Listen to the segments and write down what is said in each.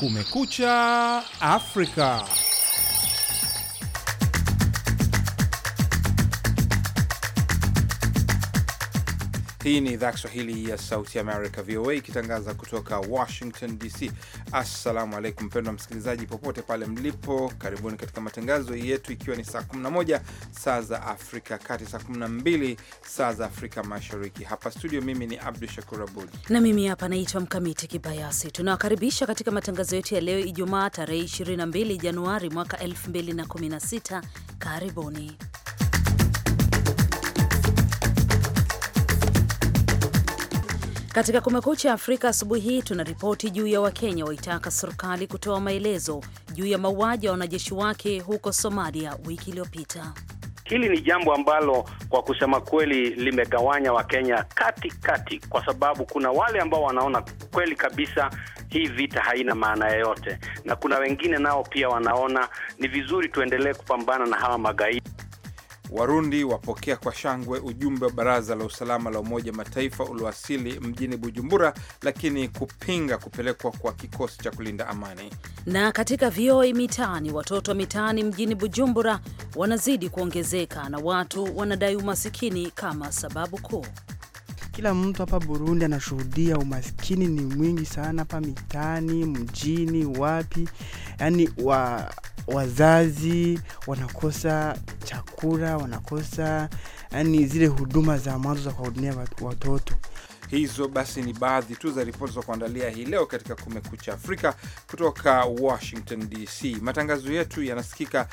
Kumekucha Afrika. Hii ni idhaa Kiswahili ya Sauti America, VOA, ikitangaza kutoka Washington DC. Assalamu alaikum mpendwa msikilizaji, popote pale mlipo, karibuni katika matangazo yetu, ikiwa ni saa 11 saa za Afrika kati, saa 12 saa za Afrika Mashariki. Hapa studio, mimi ni Abdu Shakur Abud na mimi hapa naitwa Mkamiti Kibayasi. Tunawakaribisha katika matangazo yetu ya leo, Ijumaa tarehe 22 Januari mwaka 2016. Karibuni. Katika Kumekucha Afrika asubuhi hii tuna ripoti juu ya Wakenya waitaka serikali kutoa maelezo juu ya mauaji ya wanajeshi wake huko Somalia wiki iliyopita. Hili ni jambo ambalo kwa kusema kweli limegawanya Wakenya katikati, kwa sababu kuna wale ambao wanaona kweli kabisa hii vita haina maana yoyote, na kuna wengine nao pia wanaona ni vizuri tuendelee kupambana na hawa magaidi. Warundi wapokea kwa shangwe ujumbe wa Baraza la Usalama la Umoja Mataifa uliowasili mjini Bujumbura, lakini kupinga kupelekwa kwa kikosi cha kulinda amani. Na katika vioi Mitaani, watoto mitaani mjini Bujumbura wanazidi kuongezeka na watu wanadai umasikini kama sababu kuu. Kila mtu hapa Burundi anashuhudia umaskini ni mwingi sana hapa mitaani, mjini, wapi, yani wa wazazi wanakosa chakula, wanakosa yani zile huduma za mwanzo za kuwahudumia watoto. Hizo basi ni baadhi tu za ripoti za kuandalia hii leo katika Kumekucha Afrika kutoka Washington DC. Matangazo yetu yanasikika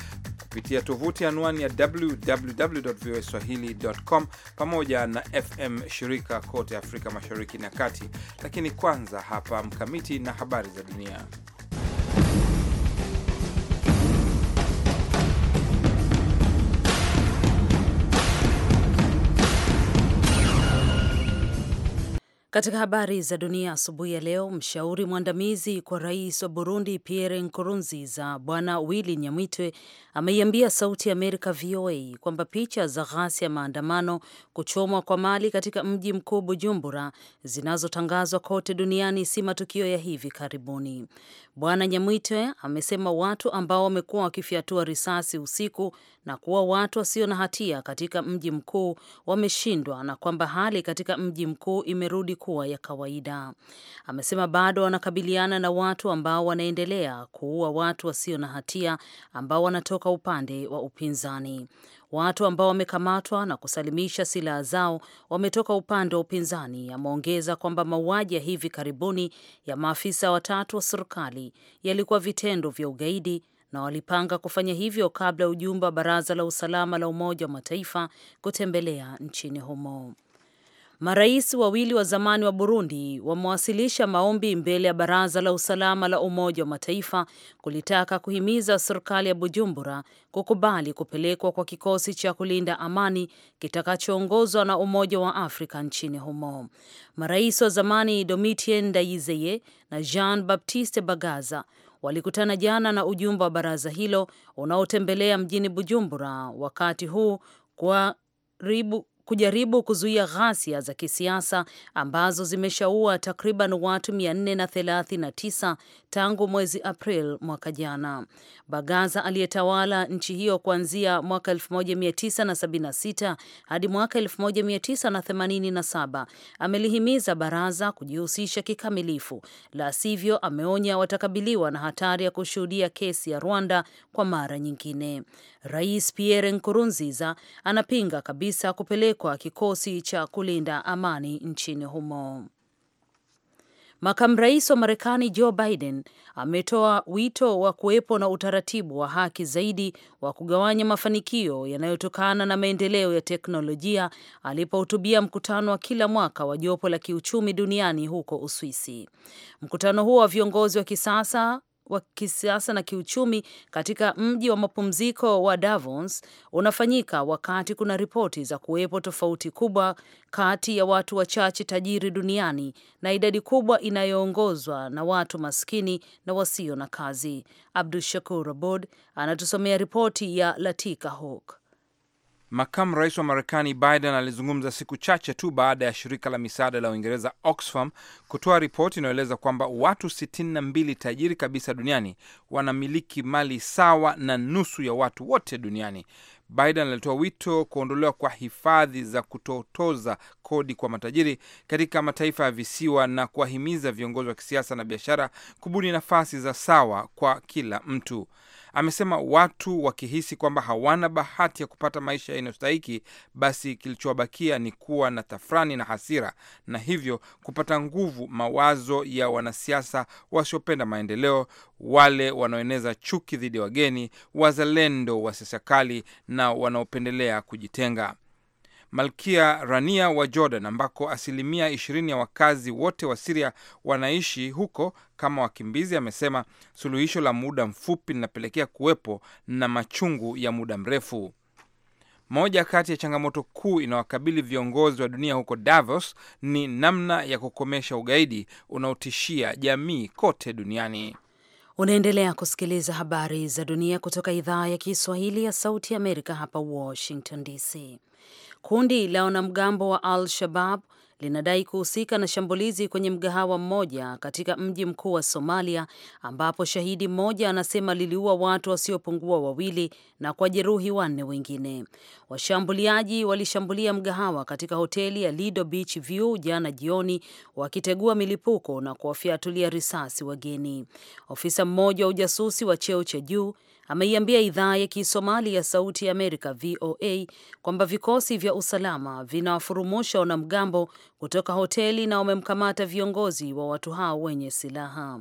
kupitia tovuti anwani ya www voa swahili.com pamoja na FM shirika kote Afrika Mashariki na Kati. Lakini kwanza hapa Mkamiti na habari za dunia. Katika habari za dunia asubuhi ya leo, mshauri mwandamizi kwa rais wa Burundi Pierre Nkurunziza, Bwana Willy Nyamitwe ameiambia Sauti ya Amerika VOA kwamba picha za ghasia ya maandamano, kuchomwa kwa mali katika mji mkuu Bujumbura zinazotangazwa kote duniani si matukio ya hivi karibuni. Bwana Nyamitwe amesema watu ambao wamekuwa wakifyatua risasi usiku na kuwa watu wasio na hatia katika mji mkuu wameshindwa na kwamba hali katika mji mkuu imerudi kuwa ya kawaida. Amesema bado wanakabiliana na watu ambao wanaendelea kuua watu wasio na hatia ambao wanatoka upande wa upinzani. Watu ambao wamekamatwa na kusalimisha silaha zao wametoka upande wa upinzani. Ameongeza kwamba mauaji ya hivi karibuni ya maafisa watatu wa serikali yalikuwa vitendo vya ugaidi na walipanga kufanya hivyo kabla ya ujumbe wa Baraza la Usalama la Umoja wa Mataifa kutembelea nchini humo. Marais wawili wa zamani wa Burundi wamewasilisha maombi mbele ya Baraza la Usalama la Umoja wa Mataifa kulitaka kuhimiza serikali ya Bujumbura kukubali kupelekwa kwa kikosi cha kulinda amani kitakachoongozwa na Umoja wa Afrika nchini humo. Marais wa zamani Domitien Ndayizeye na Jean Baptiste Bagaza walikutana jana na ujumbe wa baraza hilo unaotembelea mjini Bujumbura wakati huu kwa ribu kujaribu kuzuia ghasia za kisiasa ambazo zimeshaua takriban watu 439 tangu mwezi April mwaka jana. Bagaza aliyetawala nchi hiyo kuanzia mwaka 1976 hadi mwaka 1987 amelihimiza baraza kujihusisha kikamilifu, la sivyo ameonya watakabiliwa na hatari ya kushuhudia kesi ya Rwanda kwa mara nyingine. Rais Pierre Nkurunziza anapinga kabisa kupeleka kupelekwa kikosi cha kulinda amani nchini humo. Makamu rais wa Marekani Joe Biden ametoa wito wa kuwepo na utaratibu wa haki zaidi wa kugawanya mafanikio yanayotokana na maendeleo ya teknolojia alipohutubia mkutano wa kila mwaka wa jopo la kiuchumi duniani huko Uswisi. Mkutano huo wa viongozi wa kisasa wa kisiasa na kiuchumi katika mji wa mapumziko wa Davos unafanyika wakati kuna ripoti za kuwepo tofauti kubwa kati ya watu wachache tajiri duniani na idadi kubwa inayoongozwa na watu maskini na wasio na kazi. Abdu Shakur Abod anatusomea ripoti ya Latika Hawk. Makamu rais wa Marekani Biden alizungumza siku chache tu baada ya shirika la misaada la Uingereza Oxfam kutoa ripoti inayoeleza kwamba watu 62 tajiri kabisa duniani wanamiliki mali sawa na nusu ya watu wote duniani. Biden alitoa wito kuondolewa kwa hifadhi za kutotoza kodi kwa matajiri katika mataifa ya visiwa na kuwahimiza viongozi wa kisiasa na biashara kubuni nafasi za sawa kwa kila mtu. Amesema watu wakihisi kwamba hawana bahati ya kupata maisha yanayostahiki, basi kilichowabakia ni kuwa na tafrani na hasira, na hivyo kupata nguvu mawazo ya wanasiasa wasiopenda maendeleo, wale wanaoeneza chuki dhidi ya wageni, wazalendo wa siasa kali na wanaopendelea kujitenga. Malkia Rania wa Jordan, ambako asilimia ishirini ya wakazi wote wa Siria wanaishi huko kama wakimbizi, amesema suluhisho la muda mfupi linapelekea kuwepo na machungu ya muda mrefu. Moja kati ya changamoto kuu inawakabili viongozi wa dunia huko Davos ni namna ya kukomesha ugaidi unaotishia jamii kote duniani. Unaendelea kusikiliza habari za dunia kutoka idhaa ya Kiswahili ya Sauti ya Amerika hapa Washington DC. Kundi la wanamgambo wa Al-Shabab linadai kuhusika na shambulizi kwenye mgahawa mmoja katika mji mkuu wa Somalia, ambapo shahidi mmoja anasema liliua watu wasiopungua wawili na kwa jeruhi wanne wengine. Washambuliaji walishambulia mgahawa katika hoteli ya Lido Beach View jana jioni, wakitegua milipuko na kuwafyatulia risasi wageni. Ofisa mmoja wa ujasusi wa cheo cha juu ameiambia idhaa ya Kisomali ya Sauti ya Amerika VOA kwamba vikosi vya usalama vinawafurumusha wanamgambo kutoka hoteli na wamemkamata viongozi wa watu hao wenye silaha.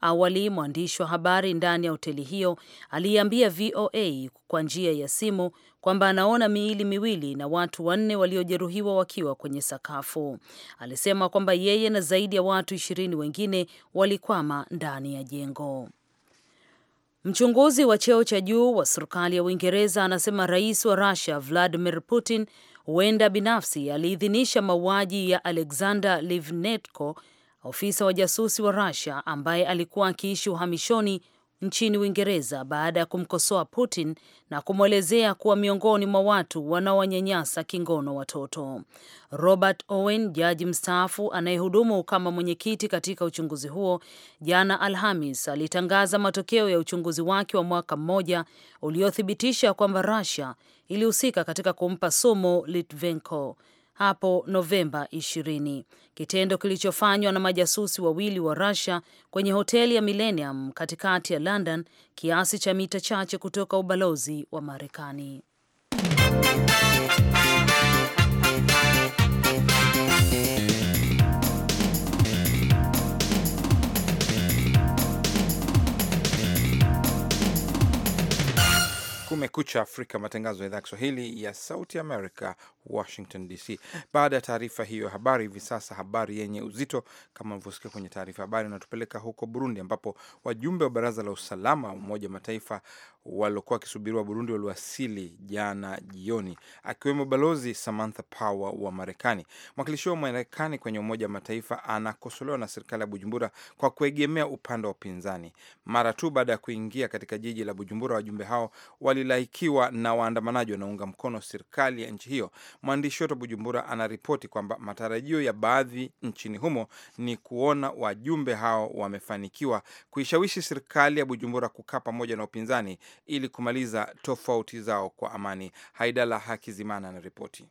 Awali mwandishi wa habari ndani ya hoteli hiyo aliiambia VOA kwa njia ya simu kwamba anaona miili miwili na watu wanne waliojeruhiwa wakiwa kwenye sakafu. Alisema kwamba yeye na zaidi ya watu ishirini wengine walikwama ndani ya jengo. Mchunguzi wa cheo cha juu wa serikali ya Uingereza anasema rais wa Rusia Vladimir Putin huenda binafsi aliidhinisha mauaji ya Alexander livnetko ofisa wa jasusi wa Rusia ambaye alikuwa akiishi uhamishoni nchini Uingereza baada ya kumkosoa Putin na kumwelezea kuwa miongoni mwa watu wanaowanyanyasa kingono watoto. Robert Owen, jaji mstaafu anayehudumu kama mwenyekiti katika uchunguzi huo, jana Alhamis alitangaza matokeo ya uchunguzi wake wa mwaka mmoja uliothibitisha kwamba Russia ilihusika katika kumpa sumu Litvenko, hapo Novemba 20, kitendo kilichofanywa na majasusi wawili wa Russia kwenye hoteli ya Millennium katikati ya London, kiasi cha mita chache kutoka ubalozi wa Marekani. Kumekucha Afrika, matangazo ya idhaa ya Kiswahili ya Sauti Amerika, Washington DC. Baada ya taarifa hiyo habari, hivi sasa habari yenye uzito kama mlivyosikia kwenye taarifa habari inatupeleka huko Burundi, ambapo wajumbe wa baraza la usalama wa Umoja Mataifa waliokuwa wakisubiriwa Burundi waliwasili jana jioni, akiwemo balozi Samantha Power wa Marekani. Mwakilishi wa Marekani kwenye Umoja wa Mataifa anakosolewa na serikali ya Bujumbura kwa kuegemea upande wa upinzani. Mara tu baada ya kuingia katika jiji la Bujumbura, wajumbe hao walilaikiwa na waandamanaji wanaunga mkono serikali ya nchi hiyo. Mwandishi wetu Bujumbura anaripoti kwamba matarajio ya baadhi nchini humo ni kuona wajumbe hao wamefanikiwa kuishawishi serikali ya Bujumbura kukaa pamoja na upinzani ili kumaliza tofauti zao kwa amani. Haidala Hakizimana anaripoti.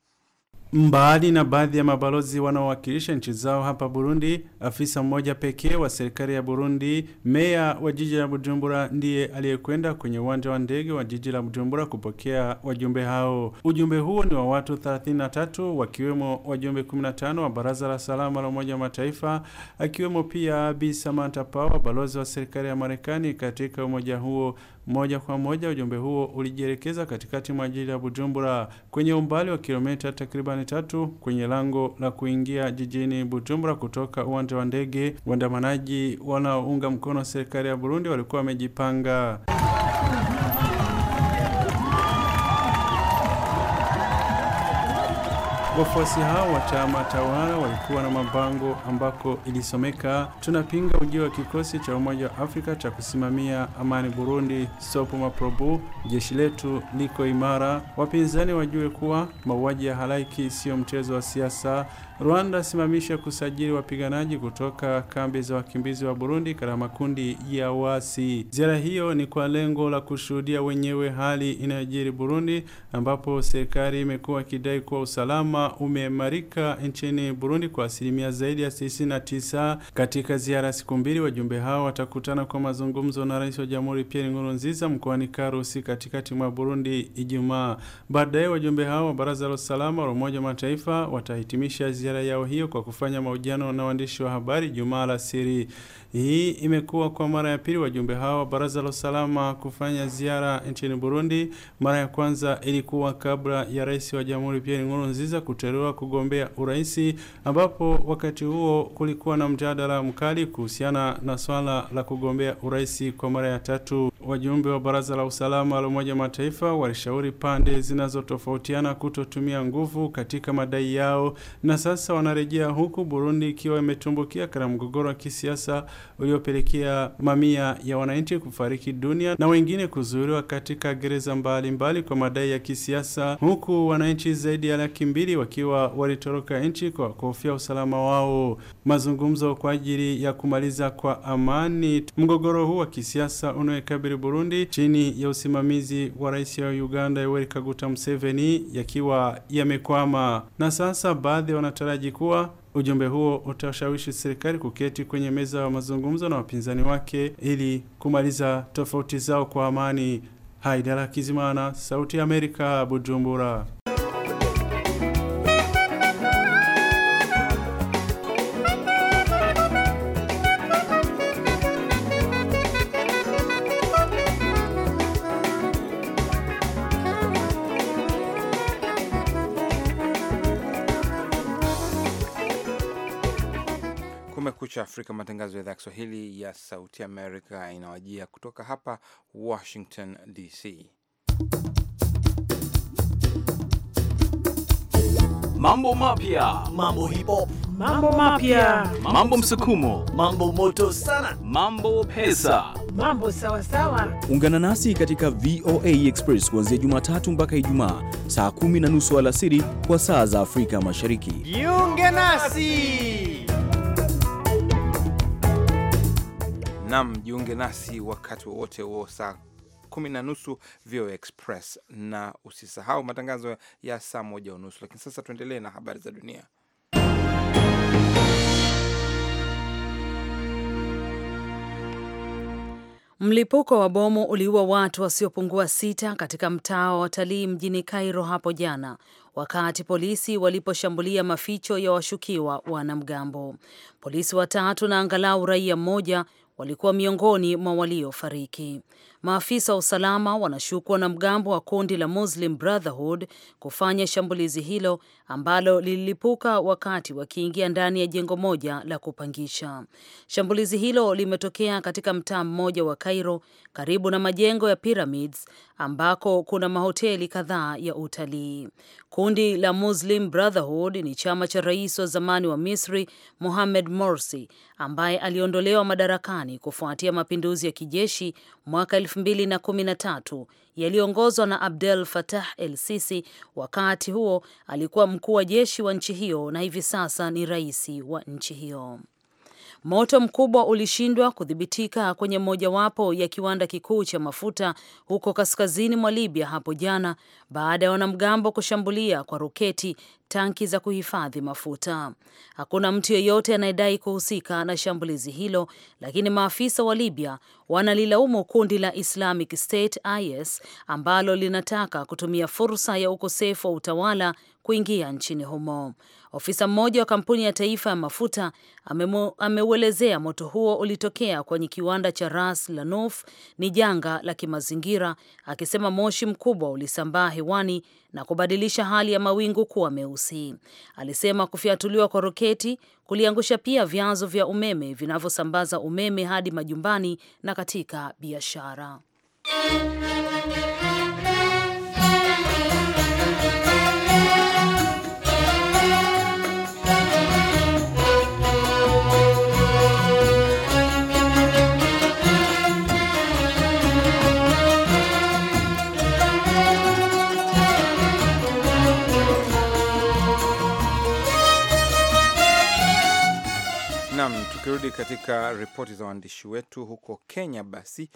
Mbali na baadhi ya mabalozi wanaowakilisha nchi zao hapa Burundi, afisa mmoja pekee wa serikali ya Burundi, meya wa jiji la Bujumbura, ndiye aliyekwenda kwenye uwanja wa ndege wa jiji la Bujumbura kupokea wajumbe hao. Ujumbe huo ni wa watu 33 wakiwemo wajumbe 15 wa Baraza la Salama la Umoja wa Mataifa, akiwemo pia Bi Samantha Power, balozi wa serikali ya Marekani katika umoja huo. Moja kwa moja ujumbe huo ulijielekeza katikati mwa jiji la Bujumbura kwenye umbali wa kilomita takribani tatu kwenye lango la kuingia jijini Bujumbura kutoka uwanja wa ndege. Waandamanaji wanaounga mkono serikali ya Burundi walikuwa wamejipanga Wafuasi hao wa chama tawala walikuwa na mabango ambako ilisomeka tunapinga ujio wa kikosi cha Umoja wa Afrika cha kusimamia amani Burundi, sopo maprobu, jeshi letu liko imara. Wapinzani wajue kuwa mauaji ya halaiki siyo mchezo wa siasa, Rwanda asimamisha kusajili wapiganaji kutoka kambi za wakimbizi wa Burundi katika makundi ya wasi. Ziara hiyo ni kwa lengo la kushuhudia wenyewe hali inayojiri Burundi, ambapo serikali imekuwa ikidai kuwa usalama umeimarika nchini Burundi kwa asilimia zaidi ya 99. Katika ziara siku mbili, wajumbe hao watakutana kwa mazungumzo na rais wa jamhuri Pierre Nkurunziza mkoani Karusi katikati mwa Burundi Ijumaa. Baadaye wajumbe hao wa baraza la usalama la Umoja wa Mataifa watahitimisha ziara ziara yao hiyo kwa kufanya mahojiano na waandishi wa habari Jumaa la siri Hii imekuwa kwa mara ya pili wajumbe hawa wa Baraza la Usalama kufanya ziara nchini Burundi. Mara ya kwanza ilikuwa kabla ya rais wa jamhuri Pierre Nkurunziza kuteuliwa kugombea urais, ambapo wakati huo kulikuwa na mjadala mkali kuhusiana na swala la kugombea urais kwa mara ya tatu. Wajumbe wa Baraza la Usalama la Umoja Mataifa walishauri pande zinazotofautiana kutotumia nguvu katika madai yao na sasa sasa wanarejea huku Burundi ikiwa imetumbukia katika mgogoro wa kisiasa uliopelekea mamia ya wananchi kufariki dunia na wengine kuzuiliwa katika gereza mbalimbali mbali kwa madai ya kisiasa, huku wananchi zaidi ya laki mbili wakiwa walitoroka nchi kwa kuhofia usalama wao. Mazungumzo kwa ajili ya kumaliza kwa amani mgogoro huu wa kisiasa unaoikabili Burundi chini ya usimamizi wa rais wa Uganda Yoweri Kaguta Museveni yakiwa yamekwama na sasa baadhi ya anataraji kuwa ujumbe huo utashawishi serikali kuketi kwenye meza ya mazungumzo na wapinzani wake ili kumaliza tofauti zao kwa amani. Haidara Kizimana, Sauti ya Amerika, Bujumbura. katika matangazo ya idhaa ya Kiswahili ya Sauti Amerika inawajia kutoka hapa Washington DC. Mambo mapya, mambo hip hop, mambo mapya, mambo msukumo, mambo moto sana, mambo pesa, mambo sawasawa. Ungana nasi katika VOA Express kuanzia Jumatatu mpaka Ijumaa saa kumi na nusu alasiri kwa saa za Afrika Mashariki. Jiunge nasi. Nam, jiunge nasi wakati wowote wa saa kumi na nusu VOA Express, na usisahau matangazo ya saa moja unusu. Lakini sasa tuendelee na habari za dunia. Mlipuko wa bomu uliua watu wasiopungua sita katika mtaa wa watalii mjini Cairo hapo jana wakati polisi waliposhambulia maficho ya washukiwa wanamgambo. Polisi watatu na angalau raia mmoja walikuwa miongoni mwa waliofariki. Maafisa wa usalama wanashuku wanamgambo wa kundi la Muslim Brotherhood kufanya shambulizi hilo ambalo lililipuka wakati wakiingia ndani ya jengo moja la kupangisha. Shambulizi hilo limetokea katika mtaa mmoja wa Cairo karibu na majengo ya Pyramids ambako kuna mahoteli kadhaa ya utalii. Kundi la Muslim Brotherhood ni chama cha rais wa zamani wa Misri Mohamed Morsi ambaye aliondolewa madarakani kufuatia mapinduzi ya kijeshi mwaka 2013 yaliyoongozwa na Abdel Fattah el-Sisi. Wakati huo alikuwa mkuu wa jeshi wa nchi hiyo na hivi sasa ni rais wa nchi hiyo. Moto mkubwa ulishindwa kudhibitika kwenye mojawapo ya kiwanda kikuu cha mafuta huko kaskazini mwa Libya hapo jana baada ya wanamgambo kushambulia kwa roketi tanki za kuhifadhi mafuta. Hakuna mtu yeyote anayedai kuhusika na shambulizi hilo, lakini maafisa wa Libya wanalilaumu kundi la Islamic State IS ambalo linataka kutumia fursa ya ukosefu wa utawala kuingia nchini humo. Ofisa mmoja wa kampuni ya taifa ya mafuta ameuelezea moto huo ulitokea kwenye kiwanda cha Ras Lanuf ni janga la kimazingira, akisema moshi mkubwa ulisambaa hewani na kubadilisha hali ya mawingu kuwa meusi. Alisema kufyatuliwa kwa roketi kuliangusha pia vyanzo vya umeme vinavyosambaza umeme hadi majumbani na katika biashara. Tukirudi katika ripoti za waandishi wetu huko Kenya, basi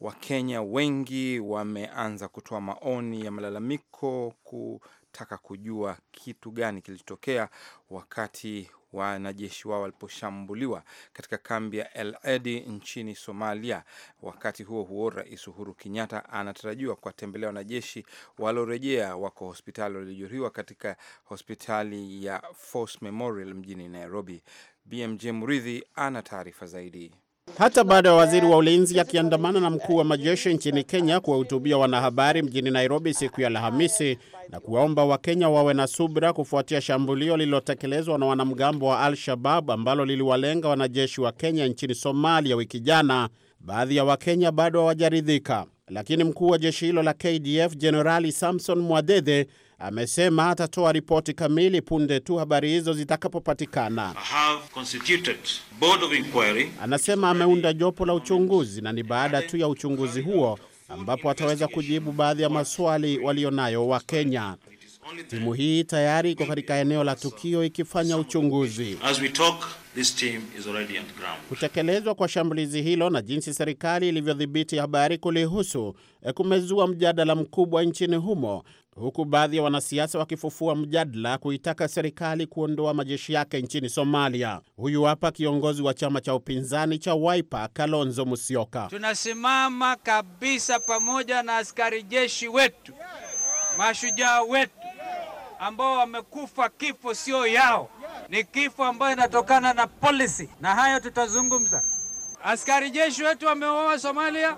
Wakenya wengi wameanza kutoa maoni ya malalamiko kutaka kujua kitu gani kilichotokea wakati wanajeshi wao waliposhambuliwa katika kambi ya El Edi nchini Somalia. Wakati huo huo, Rais Uhuru Kenyatta anatarajiwa kuwatembelea wanajeshi waliorejea wako hospitali waliojeruhiwa katika hospitali ya Force Memorial mjini Nairobi. BMJ Mridhi ana taarifa zaidi. Hata baada ya waziri wa ulinzi akiandamana na mkuu wa majeshi nchini Kenya kuwahutubia wanahabari mjini Nairobi siku ya Alhamisi na kuwaomba Wakenya wawe na subra kufuatia shambulio lililotekelezwa na wanamgambo wa Al-Shabab ambalo liliwalenga wanajeshi wa Kenya nchini Somalia wiki jana, baadhi ya Wakenya bado hawajaridhika, lakini mkuu wa jeshi hilo la KDF Jenerali Samson Mwadede amesema atatoa ripoti kamili punde tu habari hizo zitakapopatikana. Anasema ameunda jopo la uchunguzi na ni baada tu ya uchunguzi huo ambapo ataweza kujibu baadhi ya maswali walionayo wa Kenya. Timu hii tayari iko katika eneo la tukio ikifanya uchunguzi. Kutekelezwa kwa shambulizi hilo na jinsi serikali ilivyodhibiti habari kulihusu eh, kumezua mjadala mkubwa nchini humo huku baadhi ya wanasiasa wakifufua mjadala kuitaka serikali kuondoa majeshi yake nchini Somalia. Huyu hapa kiongozi wa chama cha upinzani cha Wiper, Kalonzo Musyoka. Tunasimama kabisa pamoja na askari jeshi wetu, mashujaa wetu ambao wamekufa kifo sio yao, ni kifo ambayo inatokana na polisi na hayo tutazungumza. Askari jeshi wetu wameuawa Somalia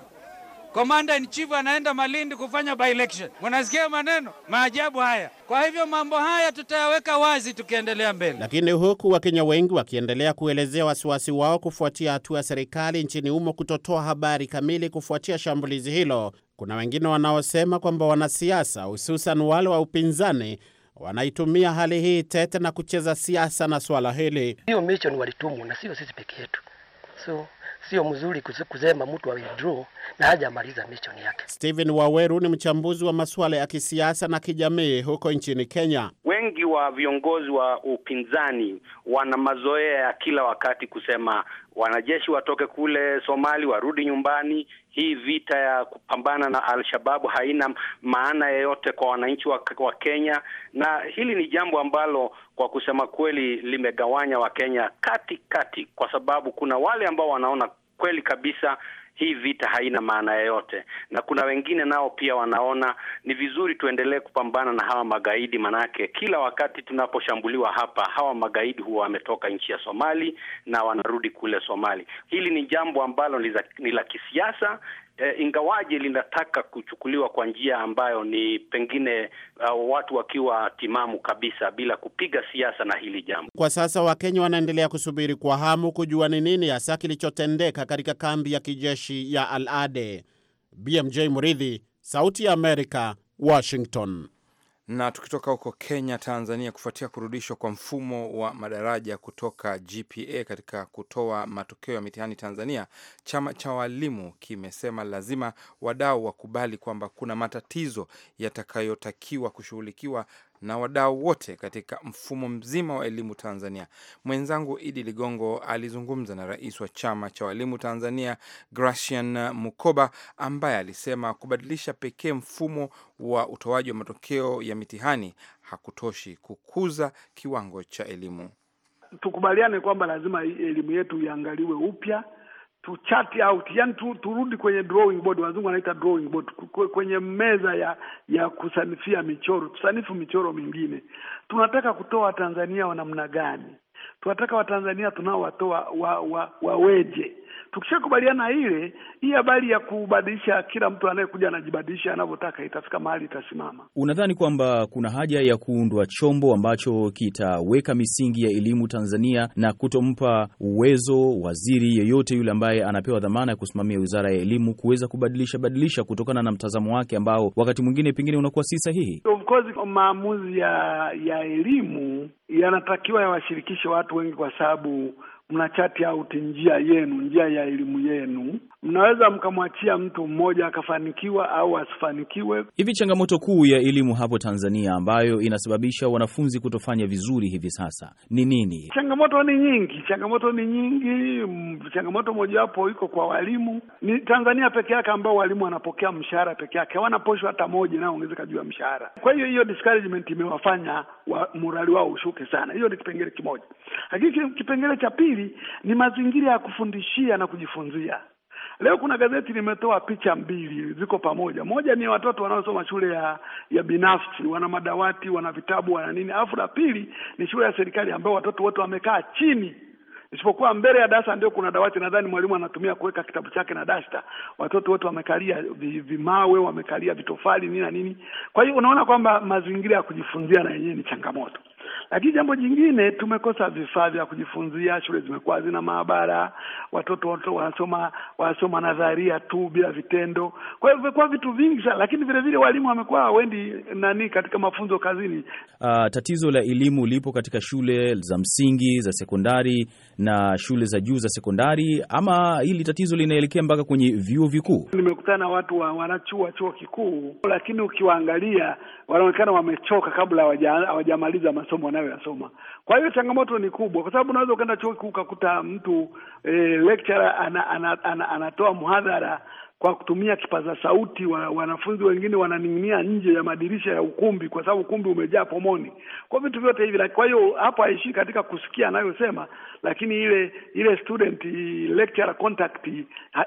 Komanda in chief anaenda Malindi kufanya by election. Mnasikia maneno maajabu haya. Kwa hivyo mambo haya tutayaweka wazi tukiendelea mbele. Lakini huku Wakenya wengi wakiendelea kuelezea wasiwasi wao kufuatia hatua ya serikali nchini humo kutotoa habari kamili kufuatia shambulizi hilo, kuna wengine wanaosema kwamba wanasiasa, hususan wale wa upinzani, wanaitumia hali hii tete na kucheza siasa na swala hili. Hiyo mission walitumwa na sio sisi peke yetu, so sio mzuri kusema mtu withdraw na hajamaliza mission yake. Steven Waweru ni mchambuzi wa masuala ya kisiasa na kijamii huko nchini Kenya. Wengi wa viongozi wa upinzani wana mazoea ya kila wakati kusema wanajeshi watoke kule Somali warudi nyumbani, hii vita ya kupambana na Al-Shababu haina maana yeyote kwa wananchi wa, wa Kenya, na hili ni jambo ambalo kwa kusema kweli limegawanya Wakenya kati kati, kwa sababu kuna wale ambao wanaona kweli kabisa hii vita haina maana yoyote, na kuna wengine nao pia wanaona ni vizuri tuendelee kupambana na hawa magaidi, manake kila wakati tunaposhambuliwa hapa, hawa magaidi huwa wametoka nchi ya Somali na wanarudi kule Somali. Hili ni jambo ambalo ni la kisiasa e, ingawaje linataka kuchukuliwa kwa njia ambayo ni pengine uh, watu wakiwa timamu kabisa bila kupiga siasa na hili jambo. Kwa sasa Wakenya wanaendelea kusubiri kwa hamu kujua ni nini hasa kilichotendeka katika kambi ya kijeshi ya Al Ade. BMJ Muridhi, Sauti ya Amerika, Washington. Na tukitoka huko Kenya, Tanzania, kufuatia kurudishwa kwa mfumo wa madaraja kutoka GPA katika kutoa matokeo ya mitihani Tanzania, chama cha walimu kimesema lazima wadau wakubali kwamba kuna matatizo yatakayotakiwa kushughulikiwa na wadau wote katika mfumo mzima wa elimu Tanzania. Mwenzangu Idi Ligongo alizungumza na rais wa chama cha walimu Tanzania, Gracian Mukoba, ambaye alisema kubadilisha pekee mfumo wa utoaji wa matokeo ya mitihani hakutoshi kukuza kiwango cha elimu. Tukubaliane kwamba lazima elimu yetu iangaliwe upya tuchati out, yani tu, turudi kwenye drawing board, wazungu wanaita drawing board, kwenye meza ya ya kusanifia michoro, tusanifu michoro mingine. Tunataka kutoa Tanzania wa namna gani? tunataka Watanzania tunaowatoa wa, wa, waweje? Tukishakubaliana ile hii habari ya kubadilisha, kila mtu anayekuja anajibadilisha anavyotaka, itafika mahali itasimama. Unadhani kwamba kuna haja ya kuundwa chombo ambacho kitaweka misingi ya elimu Tanzania na kutompa uwezo waziri yeyote yule ambaye anapewa dhamana ya kusimamia wizara ya elimu kuweza kubadilisha badilisha kutokana na mtazamo wake ambao wakati mwingine pengine unakuwa si sahihi? Of course maamuzi ya ya elimu yanatakiwa yawashirikishe watu wengi kwa sababu mna chati out njia yenu, njia ya elimu yenu. Mnaweza mkamwachia mtu mmoja akafanikiwa au asifanikiwe. Hivi changamoto kuu ya elimu hapo Tanzania ambayo inasababisha wanafunzi kutofanya vizuri hivi sasa ni nini? Changamoto ni nyingi, changamoto ni nyingi. Changamoto mojawapo iko kwa walimu. Ni Tanzania peke yake ambao walimu wanapokea mshahara peke yake, hawana posho hata moja inayoongezeka juu ya mshahara. Kwa hiyo hiyo discouragement imewafanya wa, morali wao ushuke sana. Hiyo ni kipengele kimoja, lakini kipengele cha pili pili ni mazingira ya kufundishia na kujifunzia. Leo kuna gazeti limetoa picha mbili ziko pamoja. Moja ni watoto wanaosoma shule ya ya binafsi, wana madawati, wana vitabu, wana nini, alafu la pili ni shule ya serikali ambayo watoto wote wamekaa chini, isipokuwa mbele ya darasa ndio kuna dawati, nadhani mwalimu anatumia kuweka kitabu chake na dasta. Watoto wote wamekalia vimawe, wamekalia vitofali nini na nini. Kwa hiyo unaona kwamba mazingira ya kujifunzia na yenyewe ni changamoto. Lakini jambo jingine, tumekosa vifaa vya kujifunzia. Shule zimekuwa hazina maabara, watoto watoto wanasoma wanasoma nadharia tu bila vitendo. Kwa hiyo vimekuwa vitu vingi sana, lakini vile vile walimu wamekuwa hawendi nani katika mafunzo kazini. Uh, tatizo la elimu lipo katika shule za msingi, za sekondari na shule za juu za sekondari, ama hili tatizo linaelekea mpaka kwenye vyuo vikuu. Nimekutana na watu wa wanachua chuo kikuu, lakini ukiwaangalia wanaonekana wamechoka kabla hawajamaliza masomo anayoyasoma. Kwa hiyo changamoto ni kubwa, kwa sababu unaweza ukaenda chuo kikuu ukakuta mtu e, lecturer ana, ana, ana, ana, anatoa mhadhara kwa kutumia kipaza sauti wa, wanafunzi wengine wananing'inia nje ya madirisha ya ukumbi kwa sababu ukumbi umejaa pomoni, kwa vitu vyote hivi. Kwa hiyo hapo haishii katika kusikia anayosema, lakini ile ile student lecturer contact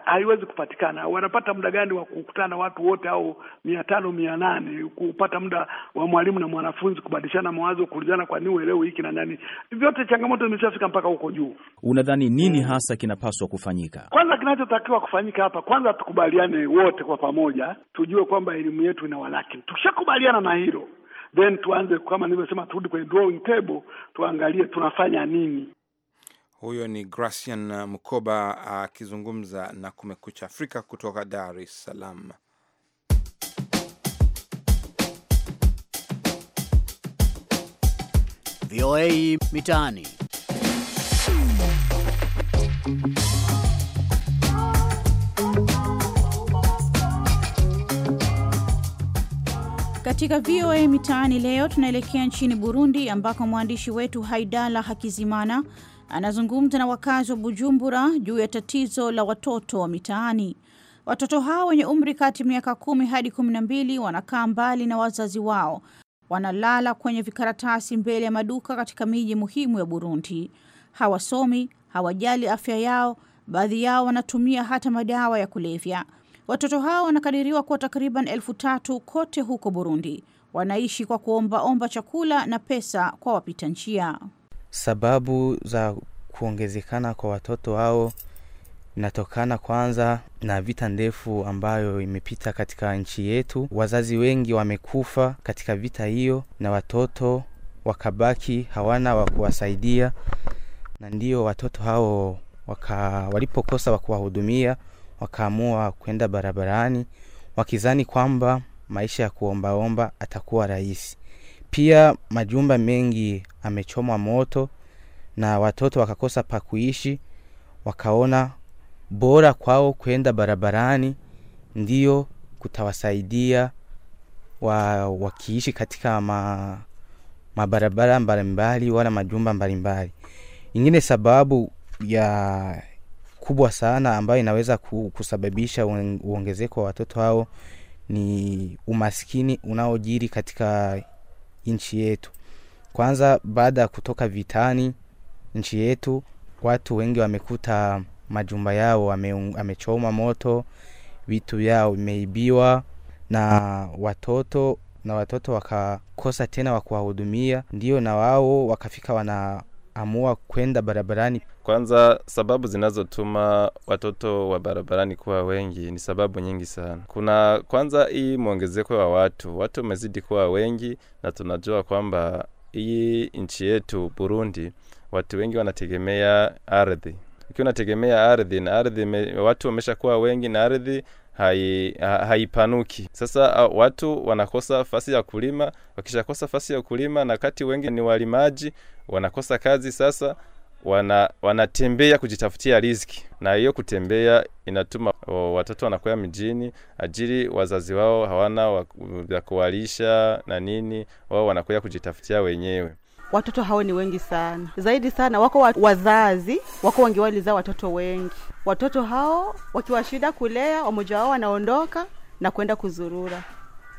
haiwezi kupatikana. Wanapata muda gani wa kukutana watu wote au mia tano mia nane kupata muda wa mwalimu na mwanafunzi kubadilishana mawazo, kuulizana kwa nini uelewi hiki na nani? Vyote changamoto zimeshafika mpaka huko juu. Unadhani nini hasa kinapaswa kufanyika? Kwanza kinachotakiwa kufanyika hapa, kwanza tukubali tukubaliane wote kwa pamoja, tujue kwamba elimu yetu ina walaki. Tukishakubaliana na hilo, then tuanze kama nilivyosema, turudi kwenye drawing table, tuangalie tunafanya nini. Huyo ni Gracian Mkoba akizungumza na Kumekucha Afrika kutoka Dar es Salaam. VOA Mitaani. Katika VOA Mitaani leo tunaelekea nchini Burundi ambako mwandishi wetu Haidala Hakizimana anazungumza na wakazi wa Bujumbura juu ya tatizo la watoto wa mitaani. Watoto hao wenye umri kati ya miaka kumi hadi kumi na mbili wanakaa mbali na wazazi wao, wanalala kwenye vikaratasi mbele ya maduka katika miji muhimu ya Burundi. Hawasomi, hawajali afya yao, baadhi yao wanatumia hata madawa ya kulevya. Watoto hao wanakadiriwa kuwa takriban elfu tatu kote huko Burundi. Wanaishi kwa kuombaomba chakula na pesa kwa wapita njia. Sababu za kuongezekana kwa watoto hao inatokana kwanza na vita ndefu ambayo imepita katika nchi yetu. Wazazi wengi wamekufa katika vita hiyo, na watoto wakabaki hawana wa kuwasaidia, na ndio watoto hao walipokosa wa kuwahudumia wakaamua kwenda barabarani wakizani kwamba maisha ya kuombaomba atakuwa rahisi. Pia majumba mengi amechomwa moto na watoto wakakosa pa kuishi, wakaona bora kwao kwenda barabarani ndio kutawasaidia wa, wakiishi katika ma, mabarabara mbalimbali wala majumba mbalimbali. Ingine sababu ya kubwa sana ambayo inaweza kusababisha uongezeko wa watoto hao ni umaskini unaojiri katika nchi yetu. Kwanza, baada ya kutoka vitani nchi yetu, watu wengi wamekuta majumba yao amechoma moto, vitu vyao vimeibiwa na watoto na watoto wakakosa tena wa kuwahudumia, ndio na wao wakafika wana kuamua kwenda barabarani? Kwanza, sababu zinazotuma watoto wa barabarani kuwa wengi ni sababu nyingi sana. Kuna kwanza hii mwongezeko wa watu, watu wamezidi kuwa wengi, na tunajua kwamba hii nchi yetu Burundi, watu wengi wanategemea ardhi. Ukiwa unategemea ardhi na ardhi, watu wameshakuwa wengi na ardhi hai, haipanuki. Sasa watu wanakosa fasi ya kulima, wakishakosa fasi ya kulima, na kati wengi ni walimaji, wanakosa kazi sasa wana wanatembea kujitafutia riziki, na hiyo kutembea inatuma o, watoto wanakwea mjini, ajili wazazi wao hawana vya kuwalisha na nini, wao wanakwea kujitafutia wenyewe watoto hao ni wengi sana, zaidi sana wako wazazi wako wengi walizaa watoto wengi. Watoto hao wakiwa shida kulea, wamoja wao wanaondoka na kwenda kuzurura,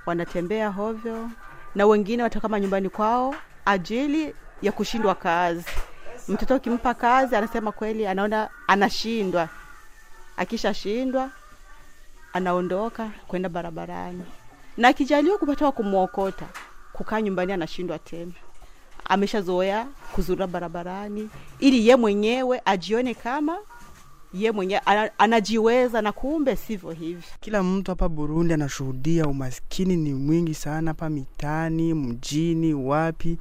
wanatembea hovyo, na wengine watakama nyumbani kwao ajili ya kushindwa kazi. Mtoto ukimpa kazi, anasema kweli, anaona anashindwa. Akishashindwa anaondoka kwenda barabarani, na akijaliwa kupata wa kumwokota, kukaa nyumbani anashindwa tena ameshazoea kuzura barabarani ili ye mwenyewe ajione kama ye mwenyewe anajiweza na kumbe sivyo hivi. Kila mtu hapa Burundi anashuhudia umaskini ni mwingi sana hapa mitaani, mjini, wapi,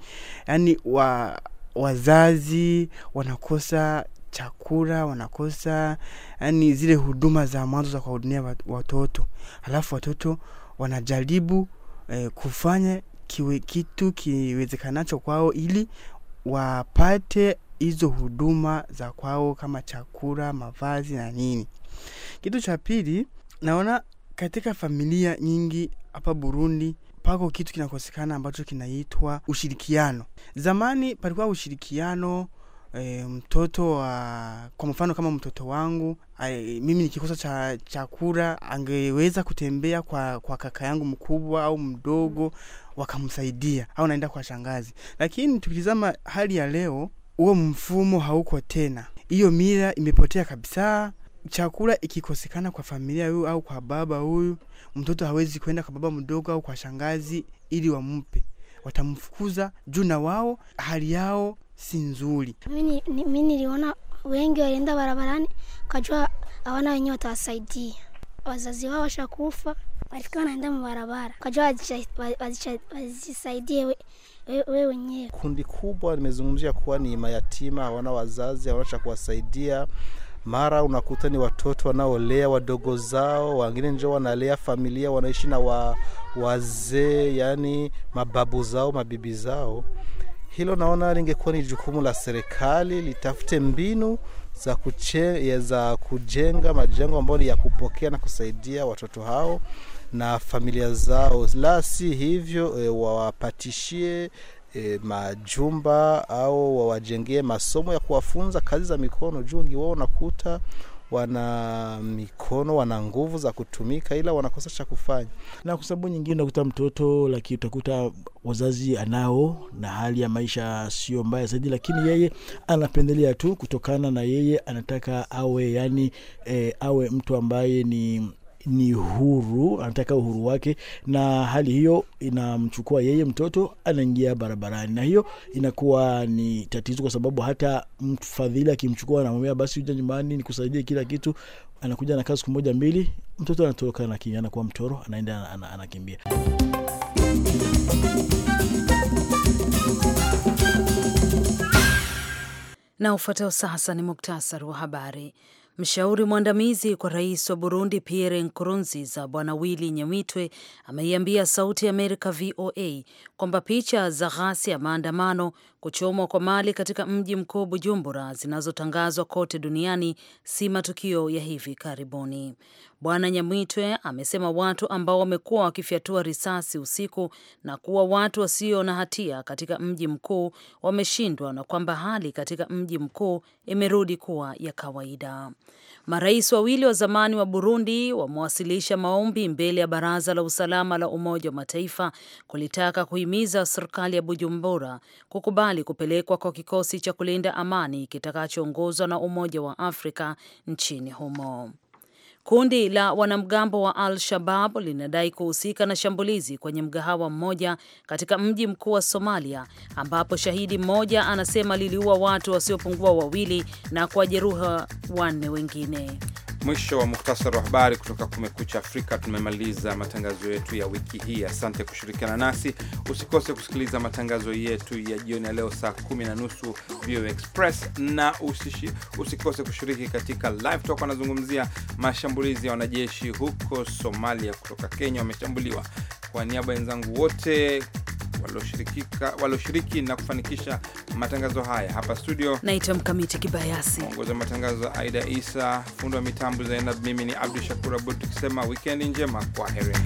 yaani wa, wazazi wanakosa chakula wanakosa, yani zile huduma za mwanzo za kuwahudumia watoto, halafu watoto wanajaribu eh, kufanya kiwe kitu kiwezekanacho kwao ili wapate hizo huduma za kwao kama chakula, mavazi na nini. Kitu cha pili, naona katika familia nyingi hapa Burundi pako kitu kinakosekana ambacho kinaitwa ushirikiano. Zamani palikuwa ushirikiano e, mtoto wa kwa mfano kama mtoto wangu ai, mimi nikikosa cha chakula angeweza kutembea kwa, kwa kaka yangu mkubwa au mdogo wakamsaidia au naenda kwa shangazi, lakini tukitizama hali ya leo huo mfumo hauko tena, hiyo mila imepotea kabisa. Chakula ikikosekana kwa familia huyu au kwa baba huyu, mtoto hawezi kwenda kwa baba mdogo au kwa shangazi ili wampe, watamfukuza juu na wao hali yao si nzuri. Mimi niliona wengi walienda barabarani, kajua hawana wenye watawasaidia, wazazi wao washakufa, walifika wanaenda mubarabara, kajua wazisaidie wewe wenyewe. Kundi kubwa limezungumzia kuwa ni mayatima, hawana wazazi, hawana cha kuwasaidia mara unakuta ni watoto wanaolea wadogo zao, wengine njo wanalea familia, wanaishi na wa, wazee, yani mababu zao mabibi zao. Hilo naona lingekuwa ni jukumu la serikali litafute mbinu za, kuche, za kujenga majengo ambayo ni ya kupokea na kusaidia watoto hao na familia zao, la si hivyo e, wawapatishie e, majumba au wawajengee masomo ya kuwafunza kazi za mikono juu ngiwao wao nakuta wana mikono, wana nguvu za kutumika, ila wanakosa cha kufanya. Na kwa sababu nyingine unakuta mtoto lakini utakuta wazazi anao na hali ya maisha sio mbaya zaidi, lakini yeye anapendelea tu kutokana na yeye anataka awe yani, e, awe mtu ambaye ni ni huru, anataka uhuru wake, na hali hiyo inamchukua yeye mtoto, anaingia barabarani, na hiyo inakuwa ni tatizo, kwa sababu hata mfadhili akimchukua anamwambia basi uja nyumbani nikusaidie kila kitu, anakuja na kazi kumoja moja mbili, mtoto anatoka anakuwa mtoro, anaenda anakimbia. Na ufuatao sasa ni muktasari wa habari. Mshauri mwandamizi kwa rais wa Burundi Pierre Nkurunziza, Bwana Willy Nyamitwe ameiambia Sauti ya Amerika VOA kwamba picha za ghasia ya maandamano Kuchomwa kwa mali katika mji mkuu Bujumbura zinazotangazwa kote duniani si matukio ya hivi karibuni. Bwana Nyamwitwe amesema watu ambao wamekuwa wakifyatua risasi usiku na kuwa watu wasio na hatia katika mji mkuu wameshindwa na kwamba hali katika mji mkuu imerudi kuwa ya kawaida. Marais wawili wa zamani wa Burundi wamewasilisha maombi mbele ya Baraza la Usalama la Umoja wa Mataifa kulitaka kuhimiza serikali ya Bujumbura kukubali Somali kupelekwa kwa kikosi cha kulinda amani kitakachoongozwa na Umoja wa Afrika nchini humo. Kundi la wanamgambo wa Al-Shabab linadai kuhusika na shambulizi kwenye mgahawa mmoja katika mji mkuu wa Somalia, ambapo shahidi mmoja anasema liliua watu wasiopungua wawili na kuwajeruha wanne wengine. Mwisho wa muktasari wa habari kutoka Kumekucha Afrika. Tumemaliza matangazo yetu ya wiki hii. Asante kushirikiana nasi. Usikose kusikiliza matangazo yetu ya jioni ya leo saa kumi na nusu VOA Express, na usikose kushiriki katika Live Talk. Wanazungumzia mashambulizi ya wanajeshi huko Somalia kutoka Kenya, wameshambuliwa. Kwa niaba ya wenzangu wote walioshiriki na kufanikisha matangazo haya hapa studio. Naitwa Mkamiti Kibayasi, mwongozi wa matangazo Aida Isa, fundi wa mitambo Zainab, mimi ni Abdu Shakur Abud tukisema wikendi njema, kwa heri.